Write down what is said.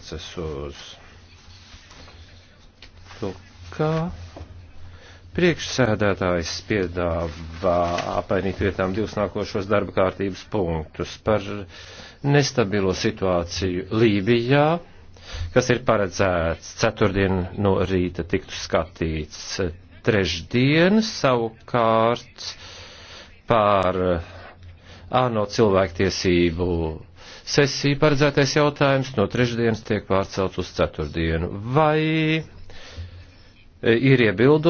attiecas uz to, kā priekšsēdētājs piedāvā apainīt vietām divus nākošos darba kārtības punktus par nestabilo situāciju Lībijā, kas ir paredzēts ceturtdien no rīta tiktu skatīts trešdien savukārt par ANO cilvēktiesību sesiju paredzētais jautājums no trešdienas tiek pārcelts uz ceturtdienu. Vai e, ir iebildumi?